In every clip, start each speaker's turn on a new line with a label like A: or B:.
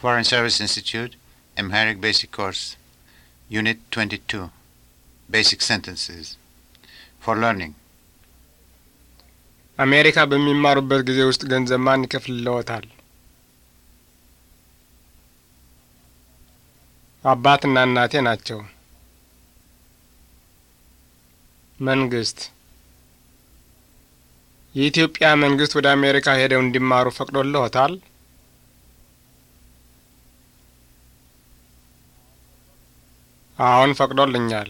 A: Foreign Service Institute Amharic Basic Course Unit 22 Basic Sentences for Learning አሜሪካ በሚማሩበት ጊዜ ውስጥ ገንዘብ ማን ይከፍልዎታል? አባትና እናቴ ናቸው። መንግስት የኢትዮጵያ መንግስት ወደ አሜሪካ ሄደው እንዲማሩ ፈቅዶልዎታል? አሁን ፈቅዶልኛል።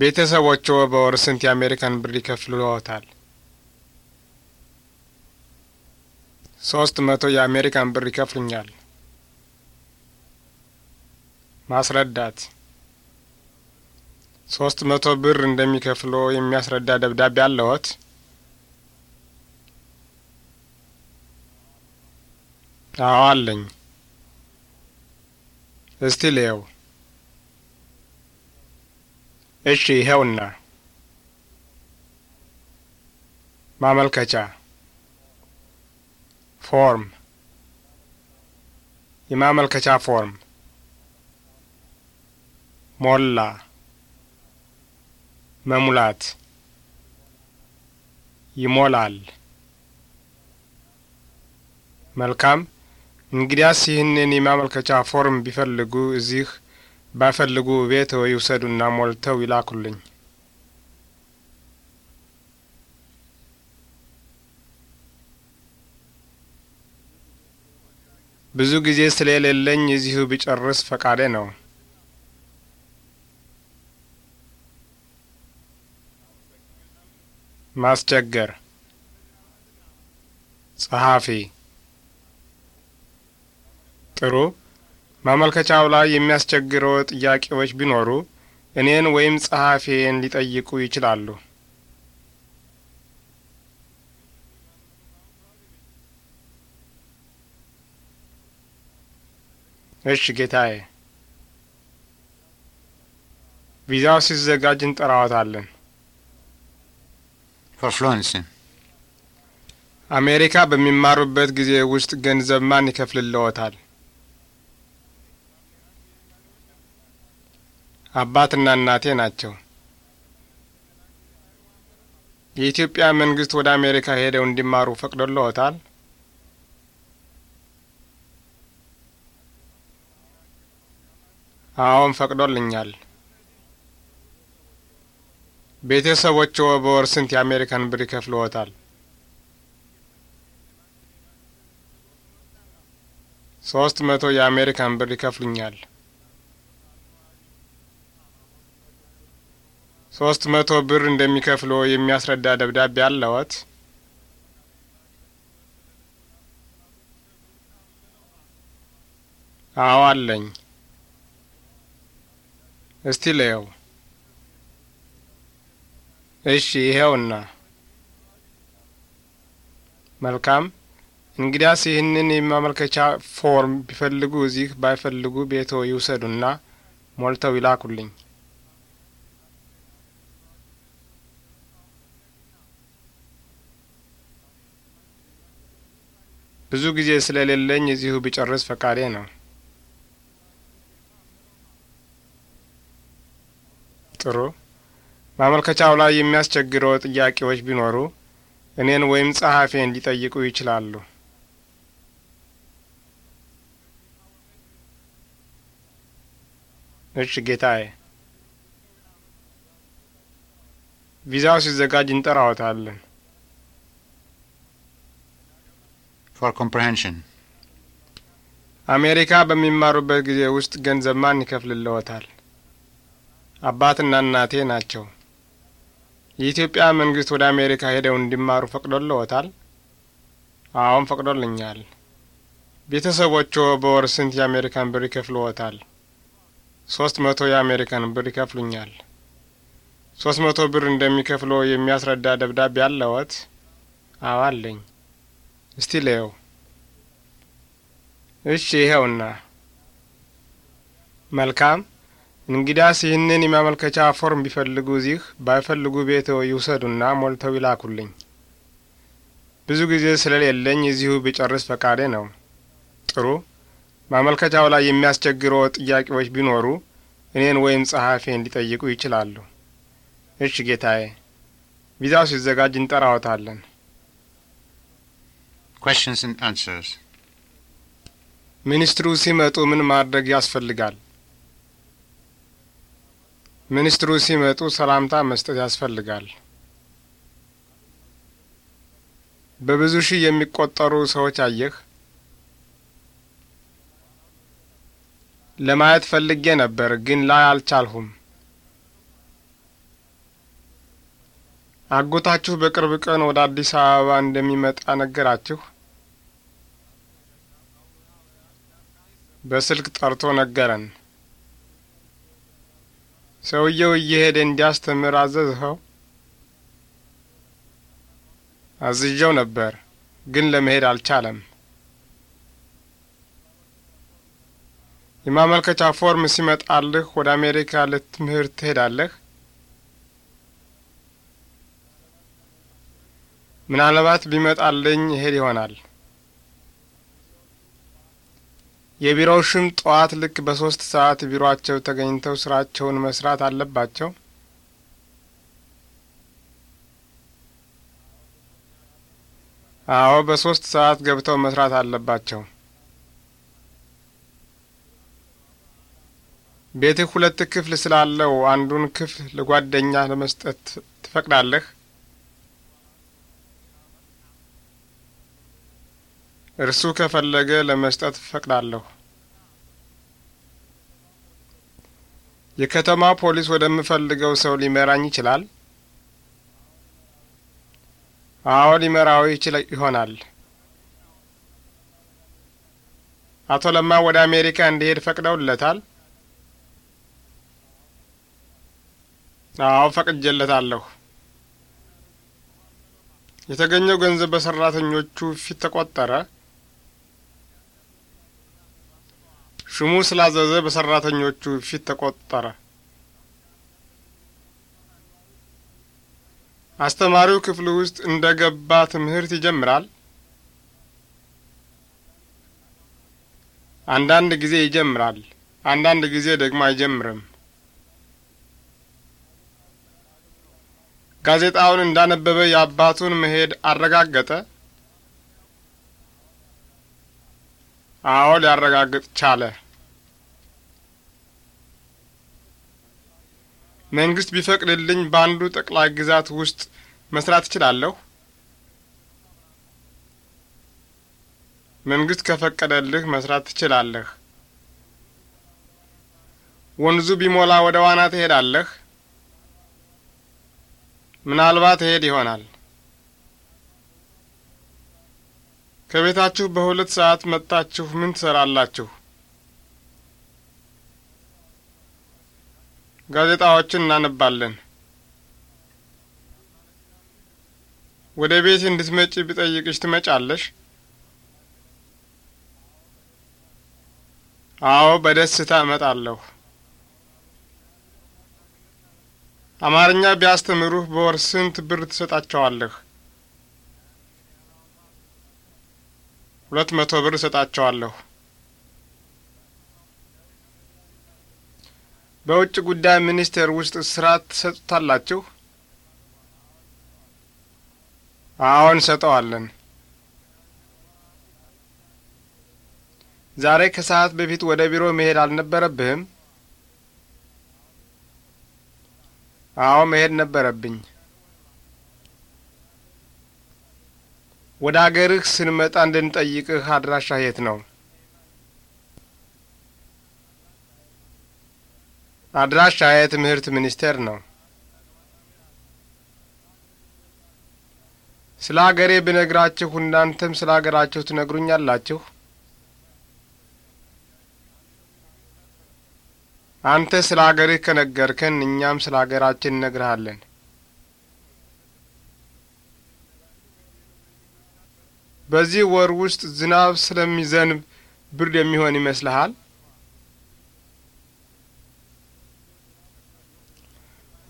A: ቤተሰቦችዎ በወር ስንት የአሜሪካን ብር ይከፍልዎታል? ሶስት መቶ የአሜሪካን ብር ይከፍሉኛል። ማስረዳት ሶስት መቶ ብር እንደሚከፍሎ የሚያስረዳ ደብዳቤ አለዎት? አዎ አለኝ። እስቲ ልየው። እሺ ይኸውና ማመልከቻ ፎርም፣ የማመልከቻ ፎርም ሞላ፣ መሙላት፣ ይሞላል። መልካም እንግዲያስ ይህንን የማመልከቻ ፎርም ቢፈልጉ እዚህ ባይፈልጉ ቤት ወይ ውሰዱና ሞልተው ይላኩልኝ። ብዙ ጊዜ ስለሌለኝ እዚሁ ብጨርስ ፈቃዴ ነው። ማስቸገር ጸሐፊ ጥሩ። ማመልከቻው ላይ የሚያስቸግረው ጥያቄዎች ቢኖሩ እኔን ወይም ጸሐፊን ሊጠይቁ ይችላሉ። እሺ ጌታዬ። ቪዛው ሲዘጋጅ እንጠራዎታለን። ፈርፍሎንስ አሜሪካ በሚማሩበት ጊዜ ውስጥ ገንዘብ ማን ይከፍልልዎታል? አባትና እናቴ ናቸው። የኢትዮጵያ መንግስት ወደ አሜሪካ ሄደው እንዲማሩ ፈቅዶልዎታል? አዎን ፈቅዶልኛል። ቤተሰቦችዎ በወር ስንት የአሜሪካን ብር ይከፍልዎታል? ሶስት መቶ የአሜሪካን ብር ይከፍሉኛል። ሶስት መቶ ብር እንደሚከፍሎ የሚያስረዳ ደብዳቤ አለዎት? አዎ አለኝ። እስቲ ለየው። እሺ ይኸውና። መልካም እንግዲያስ ይህንን የማመልከቻ ፎርም ቢፈልጉ እዚህ፣ ባይፈልጉ ቤቶ ይውሰዱና ሞልተው ይላኩልኝ። ብዙ ጊዜ ስለሌለኝ እዚሁ ቢጨርስ ፈቃዴ ነው። ጥሩ። ማመልከቻው ላይ የሚያስቸግረው ጥያቄዎች ቢኖሩ እኔን ወይም ጸሐፊን ሊጠይቁ ይችላሉ። እሺ ጌታዬ። ቪዛው ሲዘጋጅ እንጠራዎታለን። for comprehension. አሜሪካ በሚማሩበት ጊዜ ውስጥ ገንዘብ ማን ይከፍልልዎታል? አባትና እናቴ ናቸው። የኢትዮጵያ መንግስት ወደ አሜሪካ ሄደው እንዲማሩ ፈቅዶልዎታል? አዎን ፈቅዶልኛል። ቤተሰቦቹ በወር ስንት የአሜሪካን ብር ይከፍልዎታል? ሶስት መቶ የአሜሪካን ብር ይከፍሉኛል። ሶስት መቶ ብር እንደሚከፍሎ የሚያስረዳ ደብዳቤ አለዎት? አዎ አለኝ። እስቲ ለየው። እሺ ይኸውና። መልካም እንግዳስ ይህንን የማመልከቻ ፎርም ቢፈልጉ እዚህ፣ ባይፈልጉ ቤትዎ ይውሰዱና ሞልተው ይላኩልኝ። ብዙ ጊዜ ስለሌለኝ እዚሁ ብጨርስ ፈቃዴ ነው። ጥሩ። ማመልከቻው ላይ የሚያስቸግረው ጥያቄዎች ቢኖሩ እኔን ወይም ጸሐፊን ሊጠይቁ ይችላሉ። እሺ ጌታዬ። ቪዛው ሲዘጋጅ እንጠራዎታለን። questions and answers ሚኒስትሩ ሲመጡ ምን ማድረግ ያስፈልጋል? ሚኒስትሩ ሲመጡ ሰላምታ መስጠት ያስፈልጋል። በብዙ ሺህ የሚቆጠሩ ሰዎች አየህ? ለማየት ፈልጌ ነበር ግን ላይ አልቻልሁም። አጎታችሁ በቅርብ ቀን ወደ አዲስ አበባ እንደሚመጣ ነገራችሁ? በስልክ ጠርቶ ነገረን። ሰውየው እየሄደ እንዲያስተምር አዘዝኸው? አዝዣው ነበር፣ ግን ለመሄድ አልቻለም። የማመልከቻ ፎርም ሲመጣልህ ወደ አሜሪካ ልትምህር ትሄዳለህ? ምናልባት ቢመጣልኝ ይሄድ ይሆናል። የቢሮው ሹም ጠዋት ልክ በሶስት ሰዓት ቢሮአቸው ተገኝተው ስራቸውን መስራት አለባቸው። አዎ፣ በሶስት ሰዓት ገብተው መስራት አለባቸው። ቤትህ ሁለት ክፍል ስላለው አንዱን ክፍል ለጓደኛ ለመስጠት ትፈቅዳለህ? እርሱ ከፈለገ ለመስጠት ፈቅዳለሁ። የከተማ ፖሊስ ወደምፈልገው ሰው ሊመራኝ ይችላል? አዎ ሊመራው ይችል ይሆናል። አቶ ለማ ወደ አሜሪካ እንዲሄድ ፈቅደውለታል? አዎ ፈቅጄለታለሁ። የተገኘው ገንዘብ በሰራተኞቹ ፊት ተቆጠረ? ሹሙ ስላዘዘ በሰራተኞቹ ፊት ተቆጠረ። አስተማሪው ክፍል ውስጥ እንደ ገባ ትምህርት ይጀምራል። አንዳንድ ጊዜ ይጀምራል፣ አንዳንድ ጊዜ ደግሞ አይጀምርም። ጋዜጣውን እንዳነበበ የአባቱን መሄድ አረጋገጠ። አዎ ሊያረጋግጥ ቻለ። መንግስት ቢፈቅድልኝ በአንዱ ጠቅላይ ግዛት ውስጥ መስራት እችላለሁ? መንግስት ከፈቀደልህ መስራት ትችላለህ። ወንዙ ቢሞላ ወደ ዋና ትሄዳለህ? ምናልባት እሄድ ይሆናል። ከቤታችሁ በሁለት ሰዓት መጥታችሁ ምን ትሰራላችሁ? ጋዜጣዎችን እናነባለን። ወደ ቤት እንድትመጪ ቢጠይቅሽ ትመጫለሽ? አዎ፣ በደስታ እመጣለሁ። አማርኛ ቢያስተምሩህ በወር ስንት ብር ትሰጣቸዋለህ? ሁለት መቶ ብር እሰጣቸዋለሁ። በውጭ ጉዳይ ሚኒስቴር ውስጥ ስራ ትሰጡታላችሁ? አሁን እንሰጠዋለን። ዛሬ ከሰዓት በፊት ወደ ቢሮ መሄድ አልነበረብህም? አዎ፣ መሄድ ነበረብኝ። ወደ አገርህ ስንመጣ እንድንጠይቅህ አድራሻ የት ነው? አድራሻ የትምህርት ሚኒስቴር ነው። ስለ አገሬ ብነግራችሁ እናንተም ስለ አገራችሁ ትነግሩኛላችሁ? አንተ ስለ አገርህ ከነገርከን እኛም ስለ አገራችን እነግርሃለን። በዚህ ወር ውስጥ ዝናብ ስለሚዘንብ ብርድ የሚሆን ይመስልሃል?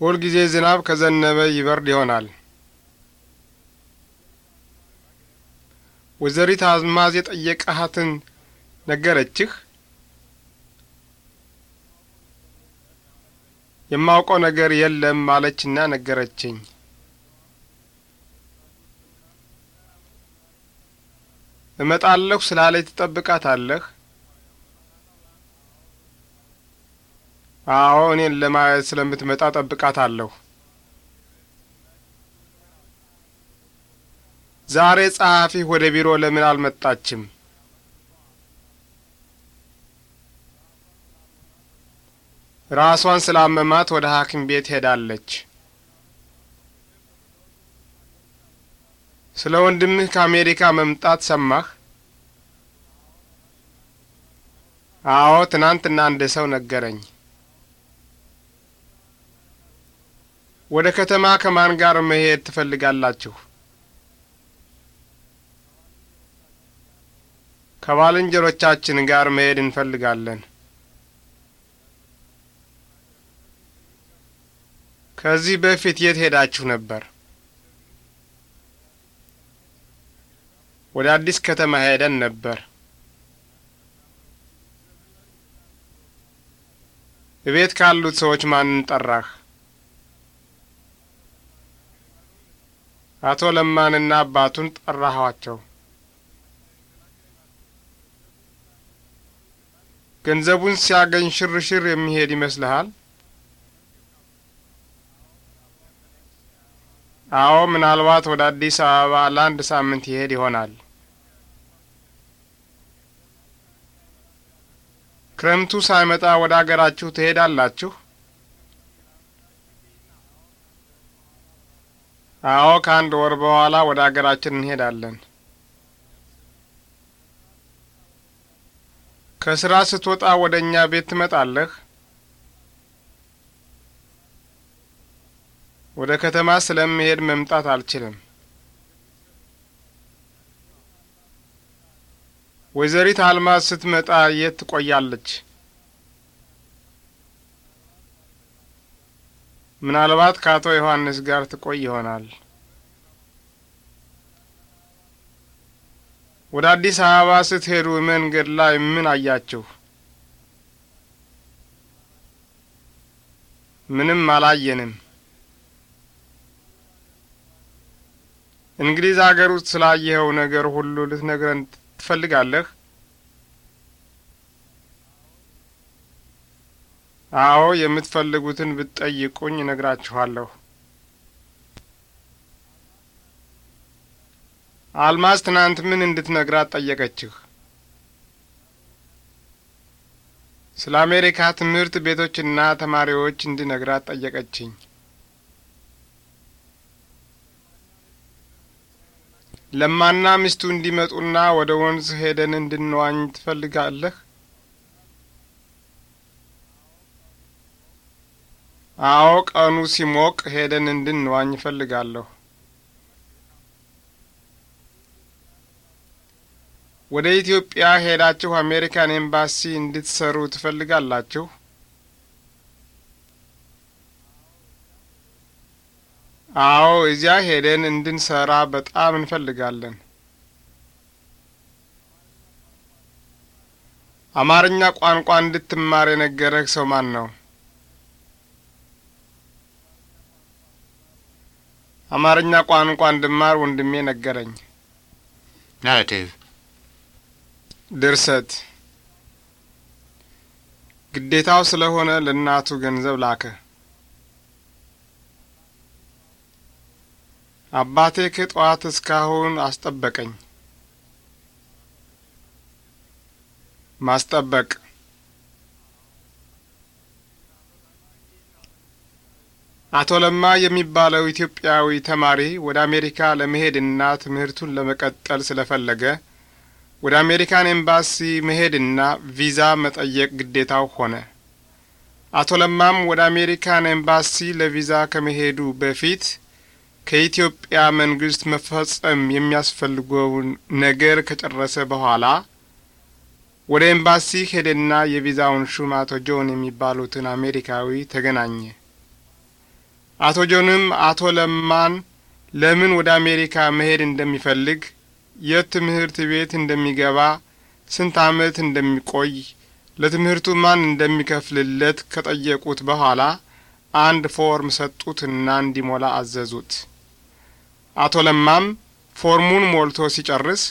A: ሁልጊዜ ዝናብ ከዘነበ ይበርድ ይሆናል። ወይዘሪት አዝማዝ የጠየቀሃትን ነገረችህ? የማውቀው ነገር የለም አለችና ነገረችኝ። እመጣለሁ ስላለች ትጠብቃታለህ? አዎ እኔን ለማየት ስለምትመጣ ጠብቃታለሁ። ዛሬ ጸሐፊ ወደ ቢሮ ለምን አልመጣችም? ራሷን ስላመማት ወደ ሐኪም ቤት ሄዳለች። ስለ ወንድምህ ከአሜሪካ መምጣት ሰማህ? አዎ ትናንትና አንድ ሰው ነገረኝ። ወደ ከተማ ከማን ጋር መሄድ ትፈልጋላችሁ? ከባልንጀሮቻችን ጋር መሄድ እንፈልጋለን። ከዚህ በፊት የት ሄዳችሁ ነበር? ወደ አዲስ ከተማ ሄደን ነበር። እቤት ካሉት ሰዎች ማንን ጠራህ? አቶ ለማንና አባቱን ጠራኋቸው። ገንዘቡን ሲያገኝ ሽርሽር የሚሄድ ይመስልሃል? አዎ፣ ምናልባት ወደ አዲስ አበባ ለአንድ ሳምንት ይሄድ ይሆናል። ክረምቱ ሳይመጣ ወደ አገራችሁ ትሄዳላችሁ? አዎ ከአንድ ወር በኋላ ወደ አገራችን እንሄዳለን። ከስራ ስትወጣ ወደ እኛ ቤት ትመጣለህ? ወደ ከተማ ስለምሄድ መምጣት አልችልም። ወይዘሪት አልማዝ ስትመጣ የት ትቆያለች? ምናልባት ከአቶ ዮሐንስ ጋር ትቆይ ይሆናል። ወደ አዲስ አበባ ስትሄዱ መንገድ ላይ ምን አያችሁ? ምንም አላየንም። እንግሊዝ አገር ውስጥ ስላየኸው ነገር ሁሉ ልትነግረን ትፈልጋለህ? አዎ የምትፈልጉትን ብትጠይቁኝ እነግራችኋለሁ። አልማዝ ትናንት ምን እንድትነግራት ጠየቀችህ? ስለ አሜሪካ ትምህርት ቤቶችና ተማሪዎች እንድነግራት ጠየቀችኝ። ለማና ሚስቱ እንዲመጡና ወደ ወንዝ ሄደን እንድንዋኝ ትፈልጋለህ? አዎ ቀኑ ሲሞቅ ሄደን እንድንዋኝ እፈልጋለሁ። ወደ ኢትዮጵያ ሄዳችሁ አሜሪካን ኤምባሲ እንድትሰሩ ትፈልጋላችሁ? አዎ እዚያ ሄደን እንድንሰራ በጣም እንፈልጋለን። አማርኛ ቋንቋ እንድትማር የነገረህ ሰው ማን ነው? አማርኛ ቋንቋ እንድማር ወንድሜ ነገረኝ። ናሬቲቭ ድርሰት ግዴታው ስለሆነ ለእናቱ ገንዘብ ላከ። አባቴ ከጠዋት እስካሁን አስጠበቀኝ። ማስጠበቅ አቶ ለማ የሚባለው ኢትዮጵያዊ ተማሪ ወደ አሜሪካ ለመሄድና ትምህርቱን ለመቀጠል ስለፈለገ ወደ አሜሪካን ኤምባሲ መሄድና ቪዛ መጠየቅ ግዴታው ሆነ። አቶ ለማም ወደ አሜሪካን ኤምባሲ ለቪዛ ከመሄዱ በፊት ከኢትዮጵያ መንግስት መፈጸም የሚያስፈልገውን ነገር ከጨረሰ በኋላ ወደ ኤምባሲ ሄደና የቪዛውን ሹም አቶ ጆን የሚባሉትን አሜሪካዊ ተገናኘ። አቶ ጆንም አቶ ለማን ለምን ወደ አሜሪካ መሄድ እንደሚፈልግ፣ የት ትምህርት ቤት እንደሚገባ፣ ስንት ዓመት እንደሚቆይ፣ ለትምህርቱ ማን እንደሚከፍልለት ከጠየቁት በኋላ አንድ ፎርም ሰጡትና እንዲሞላ አዘዙት። አቶ ለማም ፎርሙን ሞልቶ ሲጨርስ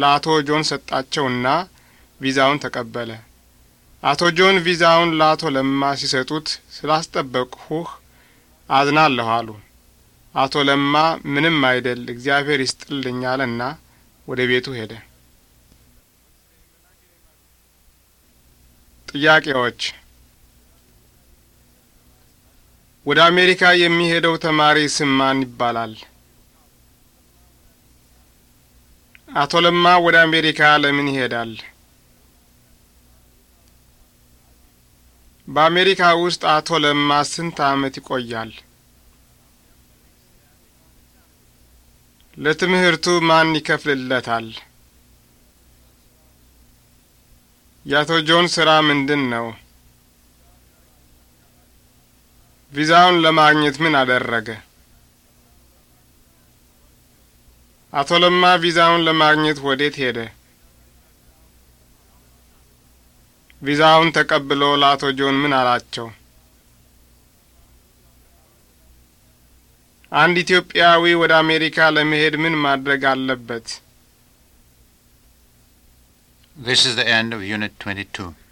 A: ለአቶ ጆን ሰጣቸውና ቪዛውን ተቀበለ። አቶ ጆን ቪዛውን ለአቶ ለማ ሲሰጡት ስላስጠበቅሁህ አዝናለሁ አሉ። አቶ ለማ ምንም አይደል እግዚአብሔር ይስጥልኝ አለና ወደ ቤቱ ሄደ። ጥያቄዎች ወደ አሜሪካ የሚሄደው ተማሪ ስም ማን ይባላል? አቶ ለማ ወደ አሜሪካ ለምን ይሄዳል? በአሜሪካ ውስጥ አቶ ለማ ስንት ዓመት ይቆያል? ለትምህርቱ ማን ይከፍልለታል? የአቶ ጆን ስራ ምንድን ነው? ቪዛውን ለማግኘት ምን አደረገ? አቶ ለማ ቪዛውን ለማግኘት ወዴት ሄደ? ቪዛውን ተቀብሎ ለአቶ ጆን ምን አላቸው? አንድ ኢትዮጵያዊ ወደ አሜሪካ ለመሄድ ምን ማድረግ አለበት? This is the end of Unit 22.